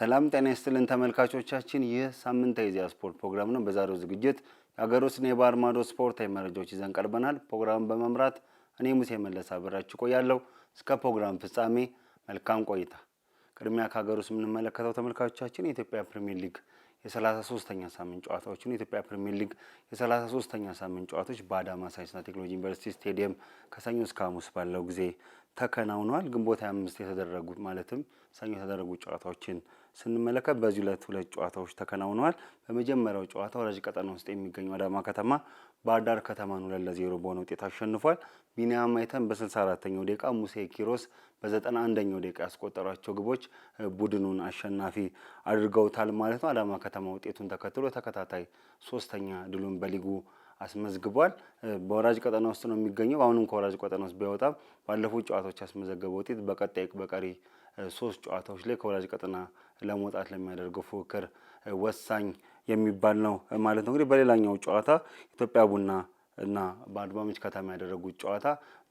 ሰላም ጤና ይስጥልን ተመልካቾቻችን፣ ይህ ሳምንታዊ የኢዜአ ስፖርት ፕሮግራም ነው። በዛሬው ዝግጅት የሀገር ውስጥና የባህር ማዶ ስፖርታዊ መረጃዎች ይዘን ቀርበናል። ፕሮግራም በመምራት እኔ ሙሴ መለስ አብራችሁ ቆያለሁ። እስከ ፕሮግራም ፍጻሜ መልካም ቆይታ። ቅድሚያ ከሀገር ውስጥ የምንመለከተው ተመልካቾቻችን የኢትዮጵያ ፕሪሚየር ሊግ የ33ኛ ሳምንት ጨዋታዎች ነው። የኢትዮጵያ ፕሪሚየር ሊግ የ33ኛ ሳምንት ጨዋታዎች በአዳማ ሳይንስና ቴክኖሎጂ ዩኒቨርሲቲ ስቴዲየም ከሰኞ እስከ ሐሙስ ባለው ጊዜ ተከናውኗል። ግንቦት ሃያ አምስት የተደረጉ ማለትም ሰኞ የተደረጉ ጨዋታዎችን ስንመለከት በዚህ ሁለት ሁለት ጨዋታዎች ተከናውነዋል። በመጀመሪያው ጨዋታ ወራጅ ቀጠና ውስጥ የሚገኘው አዳማ ከተማ ባህር ከተማን ሁለት ለዜሮ በሆነ ውጤት አሸንፏል። ቢኒያም አይተን በ64ኛው ደቂቃ፣ ሙሴ ኪሮስ በ91ኛው ደቂቃ ያስቆጠሯቸው ግቦች ቡድኑን አሸናፊ አድርገውታል ማለት ነው። አዳማ ከተማ ውጤቱን ተከትሎ ተከታታይ ሶስተኛ ድሉን በሊጉ አስመዝግቧል። በወራጅ ቀጠና ውስጥ ነው የሚገኘው። አሁንም ከወራጅ ቀጠና ውስጥ ቢያወጣም ባለፉት ጨዋታዎች ያስመዘገበው ውጤት በቀጣይ በቀሪ ሶስት ጨዋታዎች ላይ ከወራጅ ቀጠና ለመውጣት ለሚያደርገው ፉክክር ወሳኝ የሚባል ነው ማለት ነው። እንግዲህ በሌላኛው ጨዋታ ኢትዮጵያ ቡና እና በአርባ ምንጭ ከተማ ያደረጉት ጨዋታ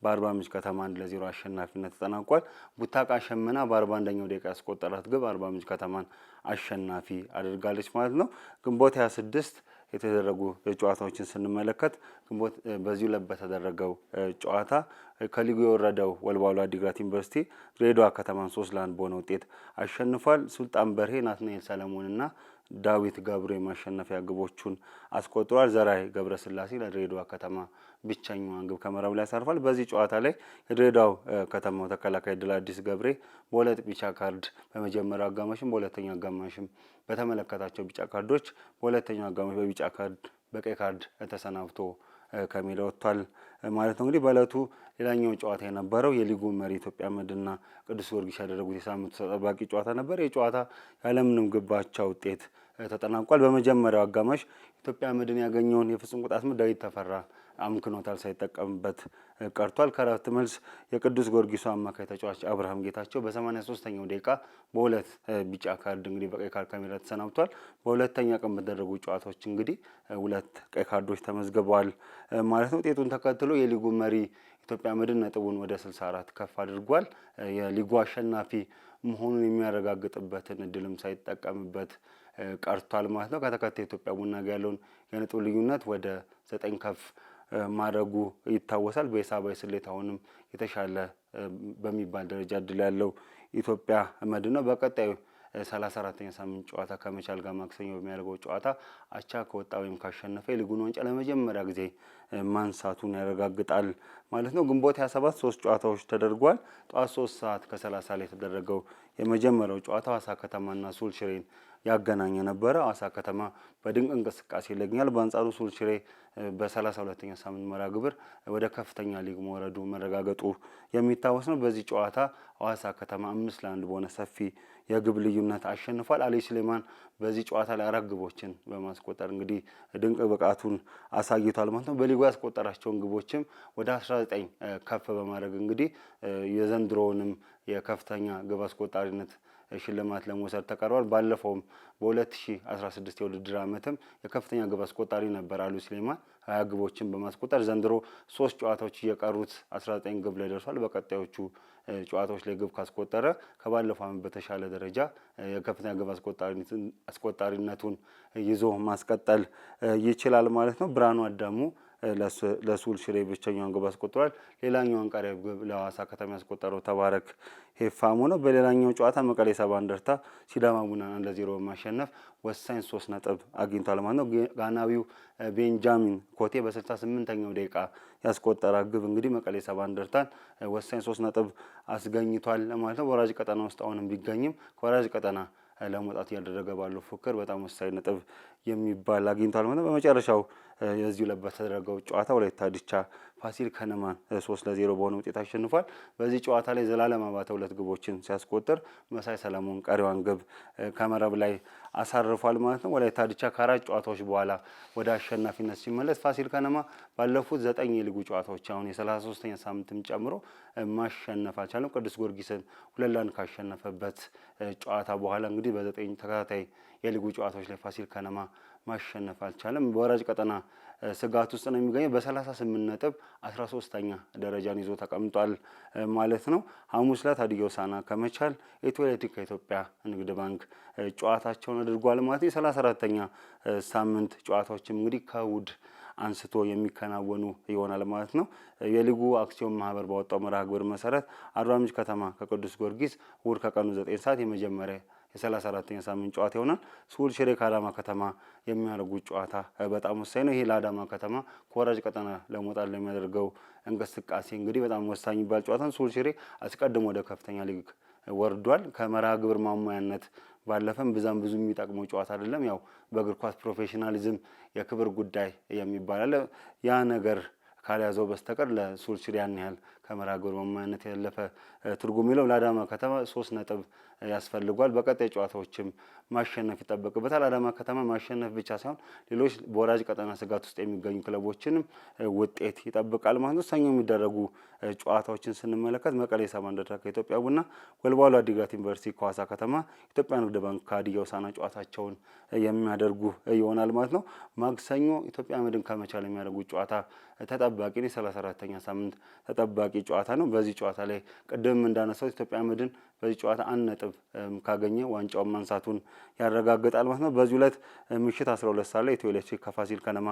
በአርባ ምንጭ ከተማ አንድ ለዜሮ አሸናፊነት ተጠናቋል። ቡታቃ ሸመና በአርባ አንደኛው ደቂቃ ያስቆጠራት ግብ አርባ ምንጭ ከተማን አሸናፊ አድርጋለች ማለት ነው። ግንቦት 26 የተደረጉ ጨዋታዎችን ስንመለከት ግንቦት በዚሁ ዕለት በተደረገው ጨዋታ ከሊጉ የወረደው ወልዋሎ አዲግራት ዩኒቨርሲቲ ድሬዳዋ ከተማን ሶስት ለአንድ በሆነ ውጤት አሸንፏል። ሱልጣን በርሄ፣ ናትናኤል ሰለሞን እና ዳዊት ገብሩ የማሸነፊያ ግቦቹን አስቆጥሯል። ዘራይ ገብረስላሴ ለድሬዳዋ ከተማ ብቸኛዋን ግብ ከመረብ ላይ ያሳርፏል። በዚህ ጨዋታ ላይ የድሬዳው ከተማው ተከላካይ ድል አዲስ ገብሬ በሁለት ቢጫ ካርድ በመጀመሪያው አጋማሽም በሁለተኛው አጋማሽም በተመለከታቸው ቢጫ ካርዶች በሁለተኛው አጋማሽ በቢጫ ካርድ በቀይ ካርድ ተሰናብቶ ከሜዳ ወጥቷል። ማለት ነው። እንግዲህ በእለቱ ሌላኛው ጨዋታ የነበረው የሊጉ መሪ ኢትዮጵያ መድንና ቅዱስ ጊዮርጊስ ያደረጉት የሳምንቱ ተጠባቂ ጨዋታ ነበር። ይህ ጨዋታ ያለምንም ግብ አቻ ውጤት ተጠናቋል። በመጀመሪያው አጋማሽ ኢትዮጵያ መድን ያገኘውን የፍጹም ቅጣት ምት ዳዊት ተፈራ አምክኖታል፣ ሳይጠቀምበት ቀርቷል። ከረፍት መልስ የቅዱስ ጊዮርጊሱ አማካይ ተጫዋች አብርሃም ጌታቸው በ ሶስተኛው ደቂቃ በሁለት ቢጫ ካርድ እንግዲህ በቀይ ካርድ ካሜራ ተሰናብቷል። በሁለተኛ ቀን በተደረጉ ጨዋታዎች እንግዲህ ሁለት ቀይ ካርዶች ተመዝግበዋል ማለት ነው። ውጤቱን ተከትሎ የሊጉ መሪ ኢትዮጵያ መድን ነጥቡን ወደ 64 ከፍ አድርጓል። የሊጉ አሸናፊ መሆኑን የሚያረጋግጥበትን እድልም ሳይጠቀምበት ቀርቷል ማለት ነው። ከተከታይ ኢትዮጵያ ቡና ጋር ያለውን የነጥብ ልዩነት ወደ ዘጠኝ ከፍ ማድረጉ ይታወሳል። በሂሳባዊ ስሌት አሁንም የተሻለ በሚባል ደረጃ እድል ያለው ኢትዮጵያ መድን ነው። በቀጣዩ ሰላሳ አራተኛ ሳምንት ጨዋታ ከመቻል ጋር ማክሰኞ በሚያደርገው ጨዋታ አቻ ከወጣ ወይም ካሸነፈ የሊጉን ዋንጫ ለመጀመሪያ ጊዜ ማንሳቱን ያረጋግጣል ማለት ነው። ግንቦት 27 ሶስት ጨዋታዎች ተደርጓል። ጠዋት ሶስት ሰዓት ከ ላይ የተደረገው የመጀመሪያው ጨዋታ ሀዋሳ ከተማና ሱል ሽሬን ያገናኘ ነበረ። ሐዋሳ ከተማ በድንቅ እንቅስቃሴ ይለኛል። በአንጻሩ ሱልሽሬ በሰላሳ ሁለተኛ ሳምንት መራ ግብር ወደ ከፍተኛ ሊግ መውረዱ መረጋገጡ የሚታወስ ነው። በዚህ ጨዋታ አዋሳ ከተማ አምስት ለአንድ በሆነ ሰፊ የግብ ልዩነት አሸንፏል። አሊ ስሌማን በዚህ ጨዋታ ላይ አራት ግቦችን በማስቆጠር እንግዲህ ድንቅ ብቃቱን አሳይቷል ማለት ነው። በሊጉ ያስቆጠራቸውን ግቦችም ወደ 19 ከፍ በማድረግ እንግዲህ የዘንድሮውንም የከፍተኛ ግብ አስቆጣሪነት ሽልማት ለመውሰድ ተቀርቧል። ባለፈውም በ2016 የውድድር ዓመትም የከፍተኛ ግብ አስቆጣሪ ነበር አሉ ስሌማን ሀያ ግቦችን በማስቆጠር ዘንድሮ ሶስት ጨዋታዎች እየቀሩት 19 ግብ ላይ ደርሷል። በቀጣዮቹ ጨዋታዎች ላይ ግብ ካስቆጠረ ከባለፈው ዓመት በተሻለ ደረጃ የከፍተኛ ግብ አስቆጣሪነቱን ይዞ ማስቀጠል ይችላል ማለት ነው። ብርሃኑ አዳሙ ለሱል ሽሬ ብቸኛውን ግብ አስቆጥሯል። ሌላኛውን ቀሪ ግብ ለሐዋሳ ከተማ ያስቆጠረው ተባረክ ሄፋሙ ነው። በሌላኛው ጨዋታ መቀሌ ሰባ እንደርታ ሲዳማ ቡናን አንድ ለዜሮ በማሸነፍ ወሳኝ ሶስት ነጥብ አግኝቷል ማለት ነው። ጋናዊው ቤንጃሚን ኮቴ በስልሳ ስምንተኛው ደቂቃ ያስቆጠረ ግብ እንግዲህ መቀሌ ሰባ እንደርታን ወሳኝ ሶስት ነጥብ አስገኝቷል ማለት ነው። በወራጅ ቀጠና ውስጥ አሁንም ቢገኝም ከወራጅ ቀጠና ለመውጣት እያደረገ ባለው ፉክክር በጣም ወሳኝ ነጥብ የሚባል አግኝቷል ማለት ነው። በመጨረሻው የዚሁ ዕለት በተደረገው ጨዋታ ወላይታ ዲቻ ፋሲል ከነማን ሶስት ለዜሮ በሆነ ውጤት አሸንፏል። በዚህ ጨዋታ ላይ ዘላለም አባተ ሁለት ግቦችን ሲያስቆጥር መሳይ ሰለሞን ቀሪዋን ግብ ከመረብ ላይ አሳርፏል ማለት ነው። ወላይታ ዲቻ ከአራት ጨዋታዎች በኋላ ወደ አሸናፊነት ሲመለስ፣ ፋሲል ከነማ ባለፉት ዘጠኝ የሊጉ ጨዋታዎች አሁን የሰላሳ ሶስተኛ ሳምንትም ጨምሮ ማሸነፍ አልቻለም። ቅዱስ ጊዮርጊስን ሁለት ለአንድ ካሸነፈበት ጨዋታ በኋላ እንግዲህ በዘጠኝ ተከታታይ የሊጉ ጨዋታዎች ላይ ፋሲል ከነማ ማሸነፍ አልቻለም። በወራጅ ቀጠና ስጋት ውስጥ ነው የሚገኘው። በ38 ነጥብ 13ኛ ደረጃን ይዞ ተቀምጧል ማለት ነው። ሐሙስ ዕለት ሀዲያ ሆሳዕና ከመቻል፣ ኢትዮ ኤሌክትሪክ ከኢትዮጵያ ንግድ ባንክ ጨዋታቸውን አድርጓል ማለት ነው። የ34ኛ ሳምንት ጨዋታዎችም እንግዲህ ከእሑድ አንስቶ የሚከናወኑ ይሆናል ማለት ነው። የሊጉ አክሲዮን ማህበር ባወጣው መርሃ ግብር መሰረት አርባ ምንጭ ከተማ ከቅዱስ ጊዮርጊስ እሑድ ከቀኑ 9 ሰዓት የመጀመሪያ የሰላሳ አራተኛ ሳምንት ጨዋታ ይሆናል። ስሁል ሽሬ ከአዳማ ከተማ የሚያደርጉት ጨዋታ በጣም ወሳኝ ነው። ይሄ ለአዳማ ከተማ ከወራጅ ቀጠና ለመውጣት ለሚያደርገው እንቅስቃሴ እንግዲህ በጣም ወሳኝ የሚባል ጨዋታ ስሁል ሽሬ አስቀድሞ ወደ ከፍተኛ ሊግ ወርዷል። ከመርሃ ግብር ማሟያነት ባለፈም ብዛም ብዙ የሚጠቅመው ጨዋታ አይደለም። ያው በእግር ኳስ ፕሮፌሽናሊዝም የክብር ጉዳይ የሚባል አለ። ያ ነገር ካልያዘው በስተቀር ለስሁል ሽሬ ያን ያህል ከመራ ግብር ያለፈ ትርጉም ይለው ለአዳማ ከተማ ሶስት ነጥብ ያስፈልጓል። በቀጣይ ጨዋታዎችም ማሸነፍ ይጠበቅበታል። አዳማ ከተማ ማሸነፍ ብቻ ሳይሆን ሌሎች በወራጅ ቀጠና ስጋት ውስጥ የሚገኙ ክለቦችንም ውጤት ይጠብቃል ማለት ነው። ሰኞ የሚደረጉ ጨዋታዎችን ስንመለከት መቀሌ ሰባ እንደርታ ከኢትዮጵያ ቡና፣ ወልዋሎ አዲግራት ዩኒቨርሲቲ ከዋሳ ከተማ፣ ኢትዮጵያ ንግድ ባንክ ከሀዲያ ሆሳዕና ጨዋታቸውን የሚያደርጉ ይሆናል ማለት ነው። ማክሰኞ ኢትዮጵያ መድን ከመቻል የሚያደርጉ ጨዋታ ተጠባቂ ነው። የሰላሳ አራተኛ ሳምንት ተጠባቂ ጨዋታ ነው። በዚህ ጨዋታ ላይ ቅድም እንዳነሳው ኢትዮጵያ መድን በዚህ ጨዋታ አንድ ነጥብ ካገኘ ዋንጫውን ማንሳቱን ያረጋግጣል ማለት ነው። በዚህ ዕለት ምሽት 12 ሰዓት ላይ ኢትዮ ኤሌክትሪክ ከፋሲል ከነማ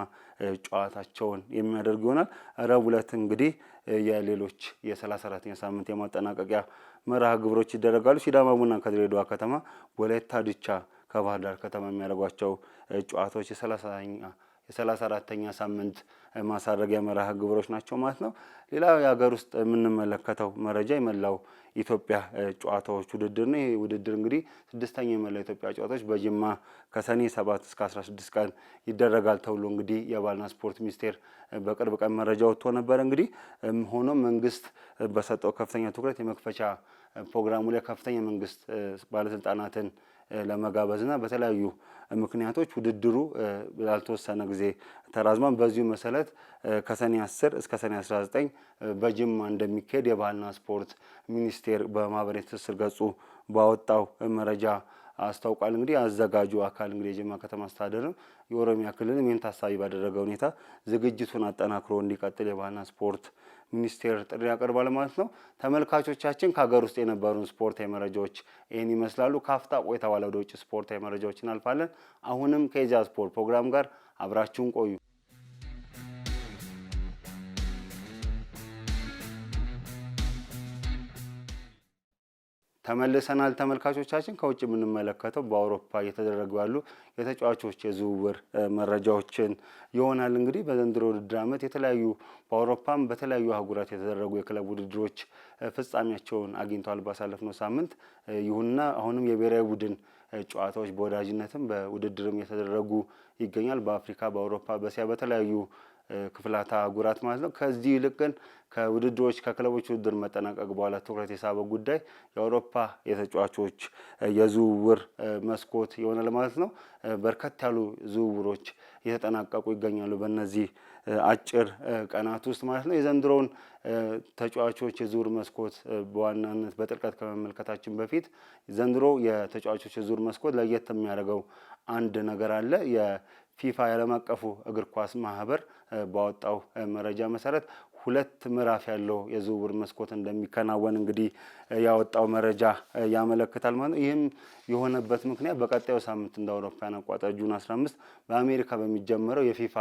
ጨዋታቸውን የሚያደርግ ይሆናል። ረቡዕ ዕለት እንግዲህ የሌሎች የሰላሳ አራተኛ ሳምንት የማጠናቀቂያ መርሃ ግብሮች ይደረጋሉ። ሲዳማ ቡና ከድሬዳዋ ከተማ፣ ወላይታ ድቻ ከባህር ዳር ከተማ የሚያደርጓቸው ጨዋታዎች የሰላሳኛ የሰላሳ አራተኛ ሳምንት ማሳረጊያ መርሃ ግብሮች ናቸው ማለት ነው። ሌላ የሀገር ውስጥ የምንመለከተው መረጃ የመላው ኢትዮጵያ ጨዋታዎች ውድድር ነው። ይህ ውድድር እንግዲህ ስድስተኛው የመላው ኢትዮጵያ ጨዋታዎች በጅማ ከሰኔ ሰባት እስከ አስራ ስድስት ቀን ይደረጋል ተብሎ እንግዲህ የባህልና ስፖርት ሚኒስቴር በቅርብ ቀን መረጃ ወጥቶ ነበረ እንግዲህ ሆኖም መንግስት በሰጠው ከፍተኛ ትኩረት የመክፈቻ ፕሮግራሙ ላይ ከፍተኛ መንግስት ባለስልጣናትን ለመጋበዝና በተለያዩ ምክንያቶች ውድድሩ ላልተወሰነ ጊዜ ተራዝሟል። በዚሁ መሰረት ከሰኔ 10 እስከ ሰኔ 19 በጅማ እንደሚካሄድ የባህልና ስፖርት ሚኒስቴር በማህበራዊ ትስስር ገጹ ባወጣው መረጃ አስታውቋል። እንግዲህ አዘጋጁ አካል እንግዲህ የጅማ ከተማ አስተዳደርም የኦሮሚያ ክልልም ይህን ታሳቢ ባደረገ ሁኔታ ዝግጅቱን አጠናክሮ እንዲቀጥል የባህልና ስፖርት ሚኒስቴር ጥሪ ያቀርባል ማለት ነው። ተመልካቾቻችን ከሀገር ውስጥ የነበሩን ስፖርታዊ መረጃዎች ይህን ይመስላሉ። ካፍታ ቆይታ ባለ ወደ ውጭ ስፖርታዊ መረጃዎች እናልፋለን። አሁንም ከኢዜአ ስፖርት ፕሮግራም ጋር አብራችሁን ቆዩ። ተመልሰናል ተመልካቾቻችን። ከውጭ የምንመለከተው በአውሮፓ እየተደረጉ ያሉ የተጫዋቾች የዝውውር መረጃዎችን ይሆናል። እንግዲህ በዘንድሮ ውድድር ዓመት የተለያዩ በአውሮፓም በተለያዩ አህጉራት የተደረጉ የክለብ ውድድሮች ፍጻሜያቸውን አግኝተዋል ባሳለፍነው ሳምንት። ይሁንና አሁንም የብሔራዊ ቡድን ጨዋታዎች በወዳጅነትም በውድድርም እየተደረጉ ይገኛል። በአፍሪካ፣ በአውሮፓ፣ በእስያ በተለያዩ ክፍላታ ጉራት ማለት ነው። ከዚህ ይልቅ ግን ከውድድሮች ከክለቦች ውድድር መጠናቀቅ በኋላ ትኩረት የሳበ ጉዳይ የአውሮፓ የተጫዋቾች የዝውውር መስኮት ይሆናል ማለት ነው። በርከት ያሉ ዝውውሮች እየተጠናቀቁ ይገኛሉ በእነዚህ አጭር ቀናት ውስጥ ማለት ነው። የዘንድሮውን ተጫዋቾች የዝውውር መስኮት በዋናነት በጥልቀት ከመመልከታችን በፊት ዘንድሮ የተጫዋቾች የዝውውር መስኮት ለየት የሚያደርገው አንድ ነገር አለ። ፊፋ የዓለም አቀፉ እግር ኳስ ማህበር ባወጣው መረጃ መሰረት ሁለት ምዕራፍ ያለው የዝውውር መስኮት እንደሚከናወን እንግዲህ ያወጣው መረጃ ያመለክታል ማለት ነው። ይህም የሆነበት ምክንያት በቀጣዩ ሳምንት እንደ አውሮፓውያን አቆጣጠር ጁን 15 በአሜሪካ በሚጀመረው የፊፋ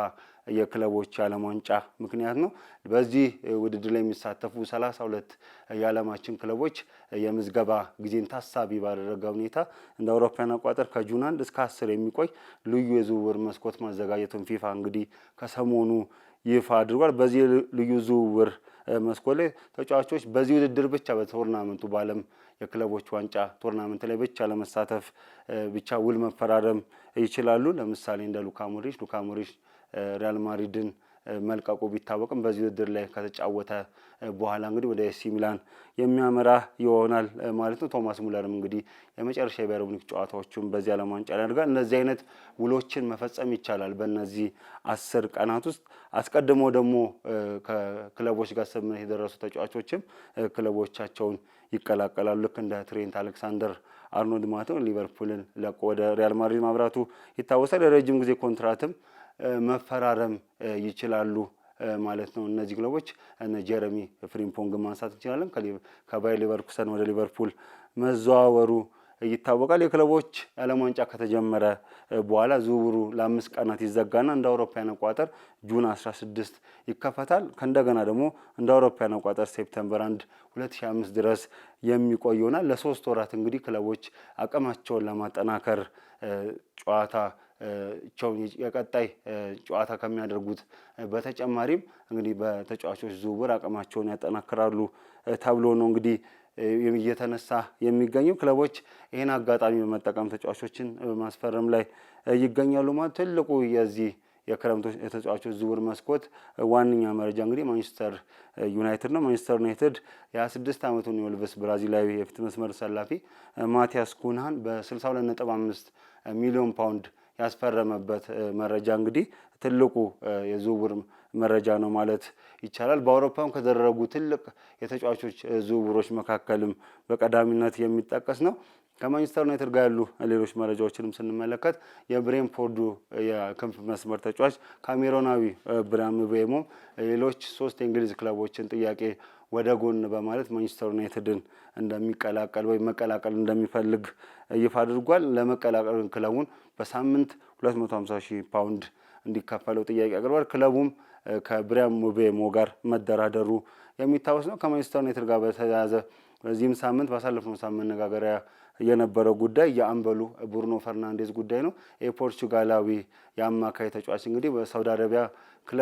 የክለቦች የዓለም ዋንጫ ምክንያት ነው። በዚህ ውድድር ላይ የሚሳተፉ 32 የዓለማችን ክለቦች የምዝገባ ጊዜን ታሳቢ ባደረገ ሁኔታ እንደ አውሮፓውያን አቆጣጠር ከጁን 1 እስከ 10 የሚቆይ ልዩ የዝውውር መስኮት ማዘጋጀቱን ፊፋ እንግዲህ ከሰሞኑ ይፋ አድርጓል። በዚህ ልዩ ዝውውር መስኮ ላይ ተጫዋቾች በዚህ ውድድር ብቻ በቶርናመንቱ በዓለም የክለቦች ዋንጫ ቶርናመንት ላይ ብቻ ለመሳተፍ ብቻ ውል መፈራረም ይችላሉ። ለምሳሌ እንደ ሉካ ሞድሪች ሉካ ሞድሪች ሪያል ማድሪድን መልቀቁ ቢታወቅም በዚህ ውድድር ላይ ከተጫወተ በኋላ እንግዲህ ወደ ኤሲ ሚላን የሚያመራ ይሆናል ማለት ነው። ቶማስ ሙለርም እንግዲህ የመጨረሻ የባየር ሙኒክ ጨዋታዎቹን በዚህ ዓለም ዋንጫ ላይ ያደርጋል። እነዚህ አይነት ውሎችን መፈጸም ይቻላል በእነዚህ አስር ቀናት ውስጥ። አስቀድሞ ደግሞ ከክለቦች ጋር ስምምነት የደረሱ ተጫዋቾችም ክለቦቻቸውን ይቀላቀላሉ ልክ እንደ ትሬንት አሌክሳንደር አርኖልድ ማለት ነው። ሊቨርፑልን ለቆ ወደ ሪያል ማድሪድ ማብራቱ ይታወሳል። የረጅም ጊዜ ኮንትራትም መፈራረም ይችላሉ ማለት ነው። እነዚህ ክለቦች እነ ጀረሚ ፍሪምፖንግ ማንሳት እንችላለን። ከባይ ሊቨርኩሰን ወደ ሊቨርፑል መዘዋወሩ ይታወቃል። የክለቦች የዓለም ዋንጫ ከተጀመረ በኋላ ዝውውሩ ለአምስት ቀናት ይዘጋና እንደ አውሮፓያን አቋጠር ጁን 16 ይከፈታል። ከእንደገና ደግሞ እንደ አውሮፓያን አቋጠር ሴፕተምበር 1 2025 ድረስ የሚቆየውና ለሶስት ወራት እንግዲህ ክለቦች አቅማቸውን ለማጠናከር ጨዋታ ቸውን የቀጣይ ጨዋታ ከሚያደርጉት በተጨማሪም እንግዲህ በተጫዋቾች ዝውውር አቅማቸውን ያጠናክራሉ ተብሎ ነው እንግዲህ እየተነሳ የሚገኘው። ክለቦች ይህን አጋጣሚ በመጠቀም ተጫዋቾችን በማስፈረም ላይ ይገኛሉ። ማለት ትልቁ የዚህ የክረምቱ የተጫዋቾች ዝውውር መስኮት ዋነኛ መረጃ እንግዲህ ማንቸስተር ዩናይትድ ነው። ማንቸስተር ዩናይትድ የ26 ዓመቱን የወልቭስ ብራዚላዊ የፊት መስመር ሰላፊ ማቲያስ ኩንሃን በ62.5 ሚሊዮን ፓውንድ ያስፈረመበት መረጃ እንግዲህ ትልቁ የዝውውር መረጃ ነው ማለት ይቻላል። በአውሮፓም ከደረጉ ትልቅ የተጫዋቾች ዝውውሮች መካከልም በቀዳሚነት የሚጠቀስ ነው። ከማንቸስተር ዩናይትድ ጋር ያሉ ሌሎች መረጃዎችንም ስንመለከት የብሬንፎርዱ የክንፍ መስመር ተጫዋች ካሜሮናዊ ብራም ቤሞም ሌሎች ሶስት የእንግሊዝ ክለቦችን ጥያቄ ወደ ጎን በማለት ማንቸስተር ዩናይትድን እንደሚቀላቀል ወይም መቀላቀል እንደሚፈልግ ይፋ አድርጓል። ለመቀላቀል ክለቡን በሳምንት 250 ሺህ ፓውንድ እንዲከፈለው ጥያቄ አቅርቧል። ክለቡም ከብሪያን ሙቤሞ ጋር መደራደሩ የሚታወስ ነው። ከማንቸስተር ዩናይትድ ጋር በተያያዘ በዚህም ሳምንት ባሳለፍነው ሳምንት መነጋገሪያ የነበረው ጉዳይ የአምበሉ ብሩኖ ፈርናንዴዝ ጉዳይ ነው። የፖርቹጋላዊ የአማካይ ተጫዋች እንግዲህ በሳውዲ አረቢያ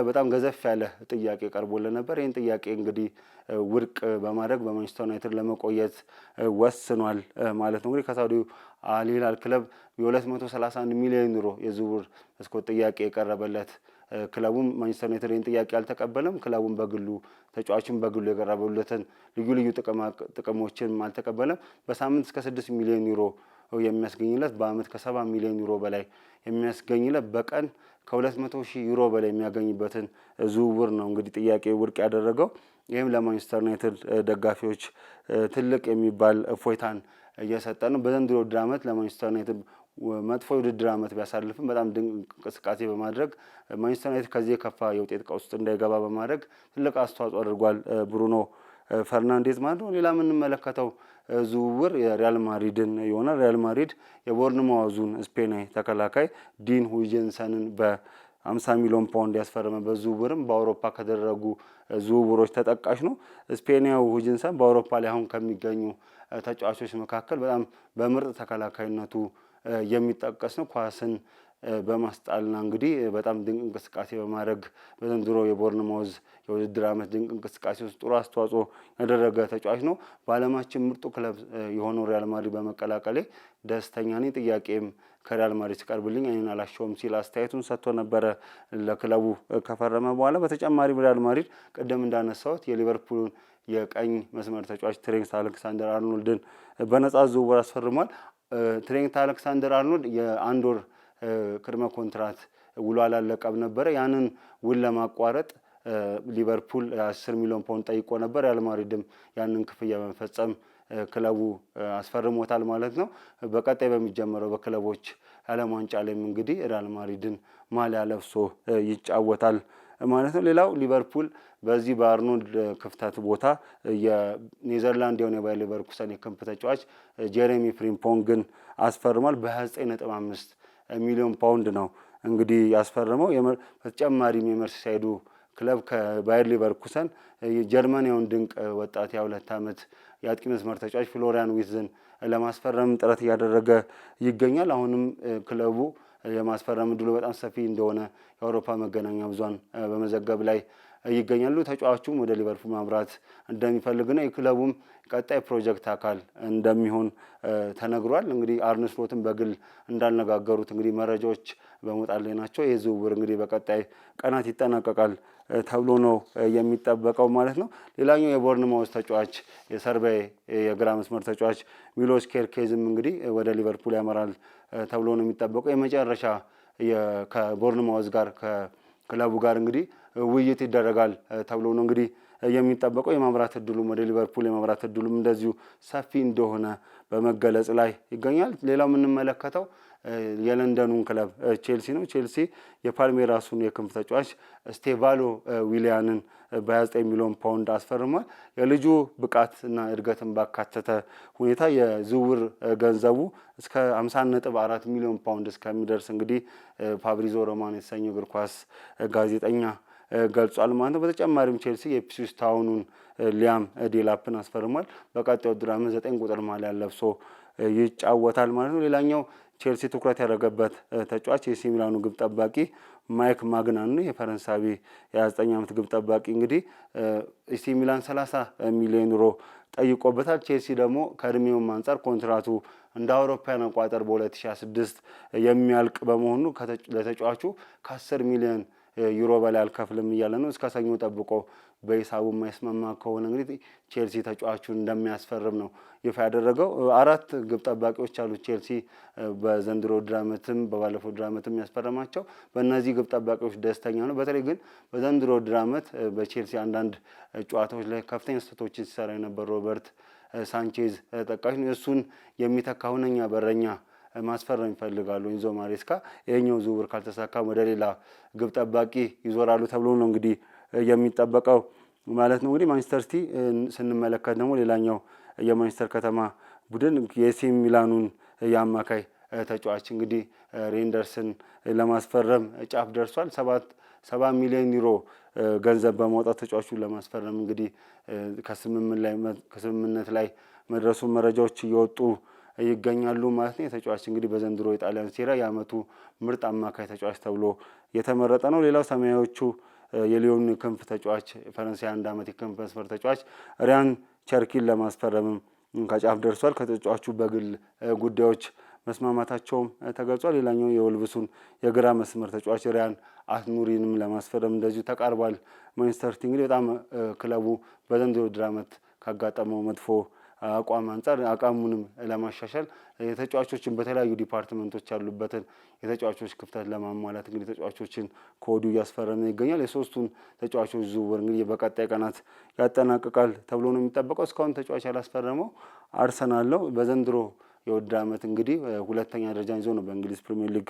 በጣም ገዘፍ ያለ ጥያቄ ቀርቦልን ነበር። ይህን ጥያቄ እንግዲህ ውድቅ በማድረግ በማንቸስተር ዩናይትድ ለመቆየት ወስኗል ማለት ነው። እንግዲህ ከሳውዲው አልሂላል ክለብ የ231 ሚሊዮን ዩሮ የዝውውር መስኮት ጥያቄ የቀረበለት ክለቡም ማንቸስተር ዩናይትድ ይህን ጥያቄ አልተቀበለም። ክለቡም በግሉ ተጫዋቹን በግሉ የቀረበለትን ልዩ ልዩ ጥቅሞችን አልተቀበለም። በሳምንት እስከ 6 ሚሊዮን ዩሮ የሚያስገኝለት በአመት ከ ሚሊዮን ዩሮ በላይ የሚያስገኝለት በቀን ከ200 ሺህ ዩሮ በላይ የሚያገኝበትን ዝውውር ነው እንግዲህ ጥያቄ ውድቅ ያደረገው። ይህም ለማንቸስተር ዩናይትድ ደጋፊዎች ትልቅ የሚባል እፎይታን እየሰጠ ነው። በዘንድሮ ውድድር ዓመት ለማንቸስተር ዩናይትድ መጥፎ የውድድር ዓመት ቢያሳልፍም በጣም ድንቅ እንቅስቃሴ በማድረግ ማንቸስተር ዩናይትድ ከዚህ የከፋ የውጤት ቀውስ ውስጥ እንዳይገባ በማድረግ ትልቅ አስተዋጽኦ አድርጓል ብሩኖ ፈርናንዴዝ ማለት ነው። ሌላ የምንመለከተው ዝውውር የሪያል ማድሪድን ይሆናል። ሪያል ማድሪድ የቦርንማዋዙን ስፔናዊ ተከላካይ ዲን ሁይጀንሰንን በ50 ሚሊዮን ፓውንድ ያስፈረመ በዝውውርም በአውሮፓ ከደረጉ ዝውውሮች ተጠቃሽ ነው። ስፔናዊው ሁጅንሰን በአውሮፓ ላይ አሁን ከሚገኙ ተጫዋቾች መካከል በጣም በምርጥ ተከላካይነቱ የሚጠቀስ ነው። ኳስን በማስጣልና እንግዲህ በጣም ድንቅ እንቅስቃሴ በማድረግ በዘንድሮ የቦርንማውዝ የውድድር ዓመት ድንቅ እንቅስቃሴ ውስጥ ጥሩ አስተዋጽኦ ያደረገ ተጫዋች ነው። በዓለማችን ምርጡ ክለብ የሆነው ሪያል ማድሪድ በመቀላቀሌ ደስተኛ ነኝ። ጥያቄም ከሪያል ማድሪድ ሲቀርብልኝ አይን አላሸውም ሲል አስተያየቱን ሰጥቶ ነበረ ለክለቡ ከፈረመ በኋላ። በተጨማሪም ሪያል ማድሪድ ቅድም እንዳነሳሁት የሊቨርፑልን የቀኝ መስመር ተጫዋች ትሬንት አሌክሳንደር አርኖልድን በነጻ ዝውውር አስፈርሟል። ትሬንት አሌክሳንደር አርኖልድ የአንድ ወር ቅድመ ኮንትራት ውሎ አላለቀም ነበረ። ያንን ውል ለማቋረጥ ሊቨርፑል 10 ሚሊዮን ፓውንድ ጠይቆ ነበር። ሪያል ማድሪድም ያንን ክፍያ በመፈጸም ክለቡ አስፈርሞታል ማለት ነው። በቀጣይ በሚጀመረው በክለቦች ዓለም ዋንጫ ላይም እንግዲህ ሪያል ማድሪድን ማሊያ ለብሶ ይጫወታል ማለት ነው። ሌላው ሊቨርፑል በዚህ በአርኖልድ ክፍተት ቦታ የኔዘርላንድ የሆነ ባየር ሌቨርኩሰን የክንፍ ተጫዋች ጄሬሚ ፍሪምፖንግን አስፈርሟል በ 95 ሚሊዮን ፓውንድ ነው እንግዲህ ያስፈረመው። በተጨማሪም የመርሲሳይዱ ክለብ ከባየር ሊቨርኩሰን የጀርመናዊውን ድንቅ ወጣት የሁለት ዓመት የአጥቂ መስመር ተጫዋች ፍሎሪያን ዊዝን ለማስፈረም ጥረት እያደረገ ይገኛል። አሁንም ክለቡ የማስፈረም እድሉ በጣም ሰፊ እንደሆነ የአውሮፓ መገናኛ ብዙሃን በመዘገብ ላይ ይገኛሉ። ተጫዋቹም ወደ ሊቨርፑል ማምራት እንደሚፈልግና የክለቡም ቀጣይ ፕሮጀክት አካል እንደሚሆን ተነግሯል። እንግዲህ አርነ ስሎትን በግል እንዳነጋገሩት እንግዲህ መረጃዎች በመውጣት ላይ ናቸው። ይህ ዝውውር እንግዲህ በቀጣይ ቀናት ይጠናቀቃል ተብሎ ነው የሚጠበቀው ማለት ነው። ሌላኛው የቦርንማውስ ተጫዋች የሰርቢያ የግራ መስመር ተጫዋች ሚሎስ ኬርኬዝም እንግዲህ ወደ ሊቨርፑል ያመራል ተብሎ ነው የሚጠበቀው የመጨረሻ ከቦርንማውዝ ጋር ከክለቡ ጋር እንግዲህ ውይይት ይደረጋል ተብሎ ነው እንግዲህ የሚጠበቀው። የማምራት እድሉም ወደ ሊቨርፑል የማምራት እድሉም እንደዚሁ ሰፊ እንደሆነ በመገለጽ ላይ ይገኛል። ሌላው የምንመለከተው የለንደኑን ክለብ ቼልሲ ነው። ቼልሲ የፓልሜራሱን የክንፍ ተጫዋች ስቴቫሎ ዊሊያንን በ29 ሚሊዮን ፓውንድ አስፈርሟል። የልጁ ብቃት እና እድገትን ባካተተ ሁኔታ የዝውውር ገንዘቡ እስከ 54 ሚሊዮን ፓውንድ እስከሚደርስ እንግዲህ ፋብሪዞ ሮማን የተሰኘው እግር ኳስ ጋዜጠኛ ገልጿል ማለት ነው። በተጨማሪም ቼልሲ የኢፕስዊች ታውኑን ሊያም ዴላፕን አስፈርሟል። በቀጣዩ ድራም ዘጠኝ ቁጥር ማሊያ ለብሶ ይጫወታል ማለት ነው። ሌላኛው ቼልሲ ትኩረት ያደረገበት ተጫዋች የሲ ሚላኑ ግብ ጠባቂ ማይክ ማግናን ነው። የፈረንሳዊ የ29 ዓመት ግብ ጠባቂ እንግዲህ ኤሲ ሚላን 30 ሚሊዮን ዩሮ ጠይቆበታል። ቼልሲ ደግሞ ከእድሜውም አንጻር ኮንትራቱ እንደ አውሮፓያን አቋጠር በ2026 የሚያልቅ በመሆኑ ለተጫዋቹ ከ10 ሚሊዮን ዩሮ በላይ አልከፍልም እያለ ነው። እስከ ሰኞ ጠብቆ በሂሳቡ የማይስማማ ከሆነ እንግዲህ ቼልሲ ተጫዋቹን እንደሚያስፈርም ነው ይፋ ያደረገው። አራት ግብ ጠባቂዎች አሉ ቼልሲ በዘንድሮ ድራመትም ዓመትም በባለፈው ውድድር ያስፈረማቸው። በእነዚህ ግብ ጠባቂዎች ደስተኛ ነው። በተለይ ግን በዘንድሮ ድራመት በቼልሲ አንዳንድ ጨዋታዎች ላይ ከፍተኛ ስህተቶችን ሲሰራ የነበር ሮበርት ሳንቼዝ ተጠቃሽ ነው። እሱን የሚተካ ሁነኛ በረኛ ማስፈረም ይፈልጋሉ። ኢንዞ ማሬስካ ይህኛው ዝውውር ካልተሳካ ወደ ሌላ ግብ ጠባቂ ይዞራሉ ተብሎ ነው እንግዲህ የሚጠበቀው ማለት ነው። እንግዲህ ማንቸስተር ሲቲ ስንመለከት ደግሞ ሌላኛው የማንቸስተር ከተማ ቡድን የኤሲ ሚላኑን የአማካይ ተጫዋች እንግዲህ ሬንደርስን ለማስፈረም ጫፍ ደርሷል። ሰባት ሰባ ሚሊዮን ዩሮ ገንዘብ በማውጣት ተጫዋቹን ለማስፈረም እንግዲህ ከስምምነት ላይ መድረሱ መረጃዎች እየወጡ ይገኛሉ ማለት ነው። የተጫዋች እንግዲህ በዘንድሮ የጣሊያን ሴራ የዓመቱ ምርጥ አማካይ ተጫዋች ተብሎ የተመረጠ ነው። ሌላው ሰማያዎቹ የሊዮን ክንፍ ተጫዋች ፈረንሳይ አንድ ዓመት የክንፍ መስመር ተጫዋች ሪያን ቸርኪን ለማስፈረምም ከጫፍ ደርሷል። ከተጫዋቹ በግል ጉዳዮች መስማማታቸውም ተገልጿል። ሌላኛው የወልብሱን የግራ መስመር ተጫዋች ሪያን አትኑሪንም ለማስፈረም እንደዚሁ ተቃርቧል። ማንቸስተር ሲቲ እንግዲህ በጣም ክለቡ በዘንድሮ የውድድር ዓመት ካጋጠመው መጥፎ አቋም አንጻር አቋሙንም ለማሻሻል የተጫዋቾችን በተለያዩ ዲፓርትመንቶች ያሉበትን የተጫዋቾች ክፍተት ለማሟላት እንግዲህ ተጫዋቾችን ከወዲሁ እያስፈረመ ይገኛል። የሶስቱን ተጫዋቾች ዝውውር እንግዲህ በቀጣይ ቀናት ያጠናቅቃል ተብሎ ነው የሚጠበቀው። እስካሁን ተጫዋች ያላስፈረመው አርሰናል ነው በዘንድሮ የውድድር ዓመት እንግዲህ ሁለተኛ ደረጃን ይዞ ነው በእንግሊዝ ፕሪሚየር ሊግ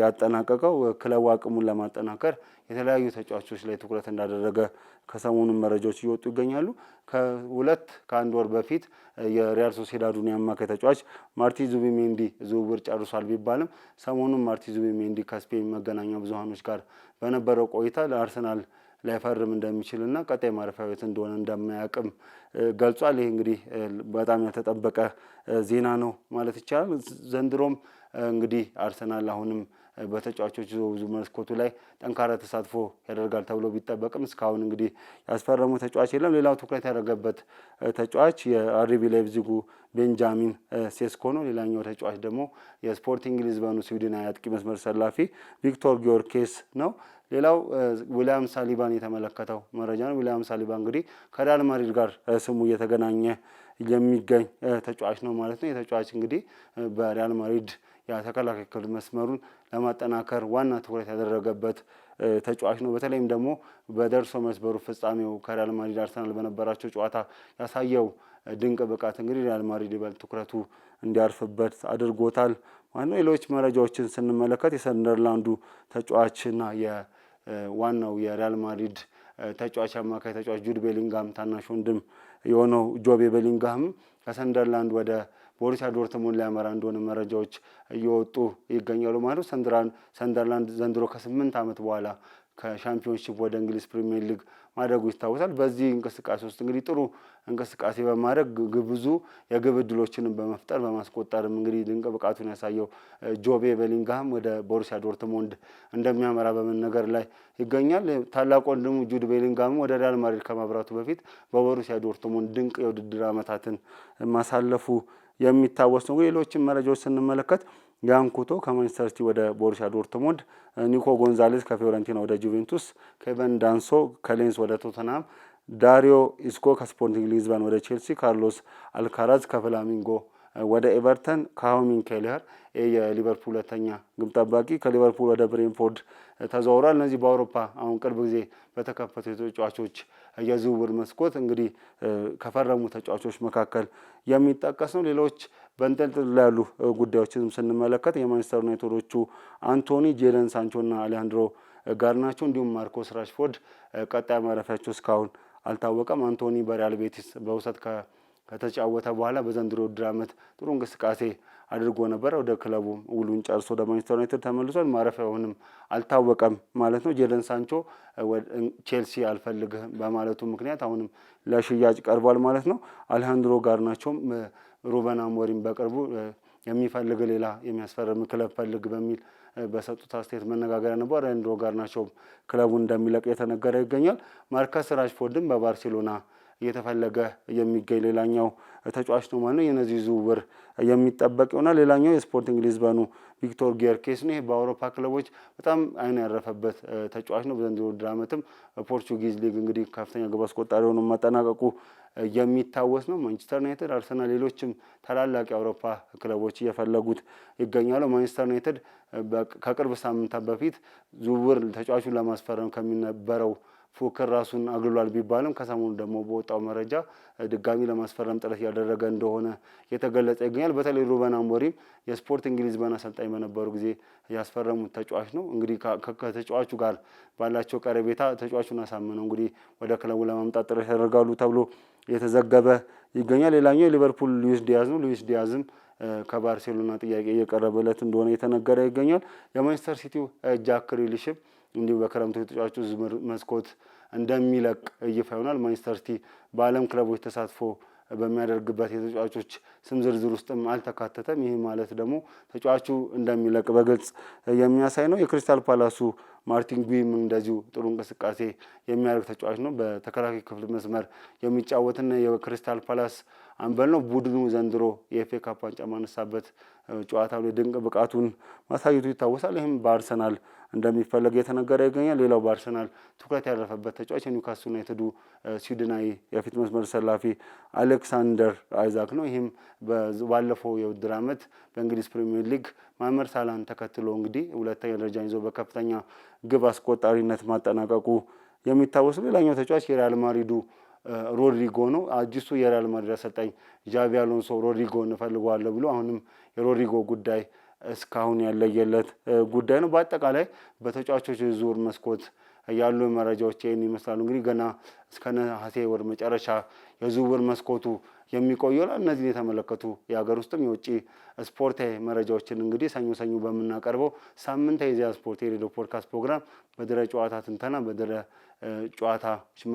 ያጠናቀቀው። ክለቡ አቅሙን ለማጠናከር የተለያዩ ተጫዋቾች ላይ ትኩረት እንዳደረገ ከሰሞኑ መረጃዎች እየወጡ ይገኛሉ። ከሁለት ከአንድ ወር በፊት የሪያል ሶሴዳዱን የአማካይ ተጫዋች ማርቲ ዙቢሜንዲ ዝውውር ጨርሷል ቢባልም ሰሞኑን ማርቲ ዙቢሜንዲ ከስፔን መገናኛ ብዙሃኖች ጋር በነበረው ቆይታ ለአርሰናል ላይፈርም እንደሚችልና ቀጣይ ማረፊያ ቤት እንደሆነ እንደማያውቅም ገልጿል። ይህ እንግዲህ በጣም ያልተጠበቀ ዜና ነው ማለት ይቻላል። ዘንድሮም እንግዲህ አርሰናል አሁንም በተጫዋቾች ብዙ መስኮቱ ላይ ጠንካራ ተሳትፎ ያደርጋል ተብሎ ቢጠበቅም እስካሁን እንግዲህ ያስፈረሙ ተጫዋች የለም። ሌላው ትኩረት ያደረገበት ተጫዋች የአርቢ ላይፕዚጉ ቤንጃሚን ሴስኮ ነው። ሌላኛው ተጫዋች ደግሞ የስፖርቲንግ ሊዝበኑ ስዊድናዊ አጥቂ መስመር ሰላፊ ቪክቶር ጊዮርኬስ ነው። ሌላው ዊሊያም ሳሊባን የተመለከተው መረጃ ነው። ዊሊያም ሳሊባ እንግዲህ ከሪያል ማድሪድ ጋር ስሙ እየተገናኘ የሚገኝ ተጫዋች ነው ማለት ነው። የተጫዋች እንግዲህ በሪያል ማድሪድ የተከላካይ መስመሩን ለማጠናከር ዋና ትኩረት ያደረገበት ተጫዋች ነው። በተለይም ደግሞ በደርሶ መስበሩ ፍጻሜው ከሪያል ማድሪድ አርሰናል በነበራቸው ጨዋታ ያሳየው ድንቅ ብቃት እንግዲህ ሪያል ማድሪድ ይበልጥ ትኩረቱ እንዲያርፍበት አድርጎታል ማለት ነው። ሌሎች መረጃዎችን ስንመለከት የሰንደርላንዱ ተጫዋችና የዋናው የሪያል ማድሪድ ተጫዋች አማካይ ተጫዋች ጁድ ቤሊንጋም ታናሽ ወንድም የሆነው ጆቤ ቤሊንጋም ከሰንደርላንድ ወደ ቦሩሲያ ዶርትሙንድ ሊያመራ እንደሆነ መረጃዎች እየወጡ ይገኛሉ ማለት ነው። ሰንደርላንድ ዘንድሮ ከስምንት ዓመት በኋላ ከሻምፒዮንሺፕ ወደ እንግሊዝ ፕሪሚየር ሊግ ማደጉ ይታወሳል። በዚህ እንቅስቃሴ ውስጥ እንግዲህ ጥሩ እንቅስቃሴ በማድረግ ብዙ የግብ እድሎችንም በመፍጠር በማስቆጠርም እንግዲህ ድንቅ ብቃቱን ያሳየው ጆቤ ቤሊንግሃም ወደ ቦሩሲያ ዶርትሞንድ እንደሚያመራ በመነገር ላይ ይገኛል። ታላቅ ወንድሙ ጁድ ቤሊንግሃም ወደ ሪያል ማድሪድ ከማብራቱ በፊት በቦሩሲያ ዶርትሞንድ ድንቅ የውድድር ዓመታትን ማሳለፉ የሚታወስ ነው። ሌሎችን መረጃዎች ስንመለከት ያንኩቶ ከማንቸስተር ሲቲ ወደ ቦሩሲያ ዶርትሞንድ፣ ኒኮ ጎንዛሌዝ ከፊዮረንቲና ወደ ጁቬንቱስ፣ ኬቨን ዳንሶ ከሌንስ ወደ ቶተናም፣ ዳሪዮ ኢስኮ ከስፖርቲንግ ሊዝበን ወደ ቼልሲ፣ ካርሎስ አልካራዝ ከፍላሚንጎ ወደ ኤቨርተን፣ ካሆሚን ኬሊያር የሊቨርፑል ሁለተኛ ግብ ጠባቂ ከሊቨርፑል ወደ ብሬንፎርድ ተዘዋውሯል። እነዚህ በአውሮፓ አሁን ቅርብ ጊዜ በተከፈቱ የተጫዋቾች የዝውውር መስኮት እንግዲህ ከፈረሙ ተጫዋቾች መካከል የሚጠቀስ ነው። ሌሎች በንጠልጥል ያሉ ጉዳዮችንም ስንመለከት የማንቸስተር ዩናይትዶቹ አንቶኒ፣ ጄደን ሳንቾና አሊያንድሮ ናቸው። እንዲሁም ማርኮስ ራሽፎርድ ቀጣይ ማረፊያቸው እስካሁን አልታወቀም። አንቶኒ በሪያል ቤቲስ በውሰት ከተጫወተ በኋላ በዘንድሮ ውድድር ዓመት ጥሩ እንቅስቃሴ አድርጎ ነበር። ወደ ክለቡ ውሉን ጨርሶ ወደ ማንቸስተር ዩናይትድ ተመልሷል። ማረፊያውንም አልታወቀም ማለት ነው። ጄደን ሳንቾ ቼልሲ አልፈልግህም በማለቱ ምክንያት አሁንም ለሽያጭ ቀርቧል ማለት ነው። አልሃንድሮ ጋርናቾም ሩበን አሞሪም በቅርቡ የሚፈልግ ሌላ የሚያስፈርም ክለብ ፈልግ በሚል በሰጡት አስተያየት መነጋገሪያ ነበር። ጋር ናቸው ክለቡን እንደሚለቅ የተነገረ ይገኛል። ማርከስ ራሽፎርድም በባርሴሎና እየተፈለገ የሚገኝ ሌላኛው ተጫዋች ነው ማለት ነው። የነዚህ ዝውውር የሚጠበቅ ይሆናል። ሌላኛው የስፖርቲንግ ሊዝበኑ ቪክቶር ጌርኬስ ነው። ይህ በአውሮፓ ክለቦች በጣም አይን ያረፈበት ተጫዋች ነው። በዘንድሮ ውድድር ዓመትም ፖርቹጊዝ ሊግ እንግዲህ ከፍተኛ ግብ አስቆጣሪ ሆኖ ማጠናቀቁ የሚታወስ ነው። ማንቸስተር ዩናይትድ፣ አርሰናል፣ ሌሎችም ታላላቅ የአውሮፓ ክለቦች እየፈለጉት ይገኛሉ። ማንቸስተር ዩናይትድ ከቅርብ ሳምንታት በፊት ዝውውር ተጫዋቹን ለማስፈረም ከሚነበረው ፉክክር ራሱን አግሏል ቢባልም ከሰሞኑ ደግሞ በወጣው መረጃ ድጋሚ ለማስፈረም ጥረት እያደረገ እንደሆነ የተገለጸ ይገኛል። በተለይ ሩበን አሞሪም እንግሊዝ በን አሰልጣኝ በነበሩ ጊዜ ያስፈረሙት ተጫዋች ነው። እንግዲህ ከተጫዋቹ ጋር ባላቸው ቀረቤታ ተጫዋቹን አሳምነው እንግዲህ ወደ ክለቡ ለማምጣት ጥረት ያደርጋሉ ተብሎ የተዘገበ ይገኛል። ሌላኛው የሊቨርፑል ሉዊስ ዲያዝ ነው። ሉዊስ ዲያዝም ከባርሴሎና ጥያቄ እየቀረበለት እንደሆነ የተነገረ ይገኛል። የማንቸስተር ሲቲው ጃክ ግሪሊሽም እንዲሁ በክረምቱ የተጫዋቹ መስኮት እንደሚለቅ ይፋ ይሆናል። ማንቸስተር ሲቲ በዓለም ክለቦች ተሳትፎ በሚያደርግበት የተጫዋቾች ስም ዝርዝር ውስጥም አልተካተተም። ይህ ማለት ደግሞ ተጫዋቹ እንደሚለቅ በግልጽ የሚያሳይ ነው። የክሪስታል ፓላሱ ማርቲን ጉይም እንደዚሁ ጥሩ እንቅስቃሴ የሚያደርግ ተጫዋች ነው። በተከላካይ ክፍል መስመር የሚጫወትና የክሪስታል ፓላስ አምበል ነው። ቡድኑ ዘንድሮ የኤፌ ካፕ ዋንጫ ማነሳበት ጨዋታ ላይ ድንቅ ብቃቱን ማሳየቱ ይታወሳል። ይህም በአርሰናል እንደሚፈለግ የተነገረ ይገኛል። ሌላው በአርሰናል ትኩረት ያረፈበት ተጫዋች የኒውካስል ዩናይትዱ ስዊድናዊ የፊት መስመር ሰላፊ አሌክሳንደር አይዛክ ነው። ይህም ባለፈው የውድድር ዓመት በእንግሊዝ ፕሪሚየር ሊግ ማመር ሳላን ተከትሎ እንግዲህ ሁለተኛ ደረጃን ይዞ በከፍተኛ ግብ አስቆጣሪነት ማጠናቀቁ የሚታወሱ ነው። ሌላኛው ተጫዋች የሪያል ማድሪዱ ሮድሪጎ ነው። አዲሱ የሪያል ማድሪድ አሰልጣኝ ጃቪ አሎንሶ ሮድሪጎ እንፈልገዋለሁ ብሎ አሁንም የሮድሪጎ ጉዳይ እስካሁን ያለየለት ጉዳይ ነው። በአጠቃላይ በተጫዋቾች ዙር መስኮት ያሉ መረጃዎች ይህን ይመስላሉ። እንግዲህ ገና እስከ ነሐሴ ወር መጨረሻ የዝውውር መስኮቱ የሚቆየው እነዚህን የተመለከቱ የሀገር ውስጥም የውጭ ስፖርታዊ መረጃዎችን እንግዲህ ሰኞ ሰኞ በምናቀርበው ሳምንት የዚያ ስፖርት የሬዲዮ ፖድካስት ፕሮግራም በድረ ጨዋታ ትንተና፣ በድረ ጨዋታ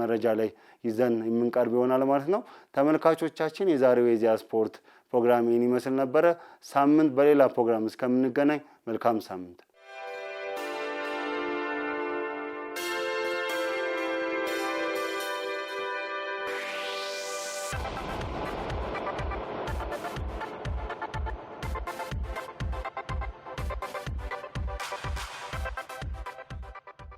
መረጃ ላይ ይዘን የምንቀርብ ይሆናል ማለት ነው። ተመልካቾቻችን የዛሬው የዚያ ስፖርት ፕሮግራም ይህን ይመስል ነበረ። ሳምንት በሌላ ፕሮግራም እስከምንገናኝ መልካም ሳምንት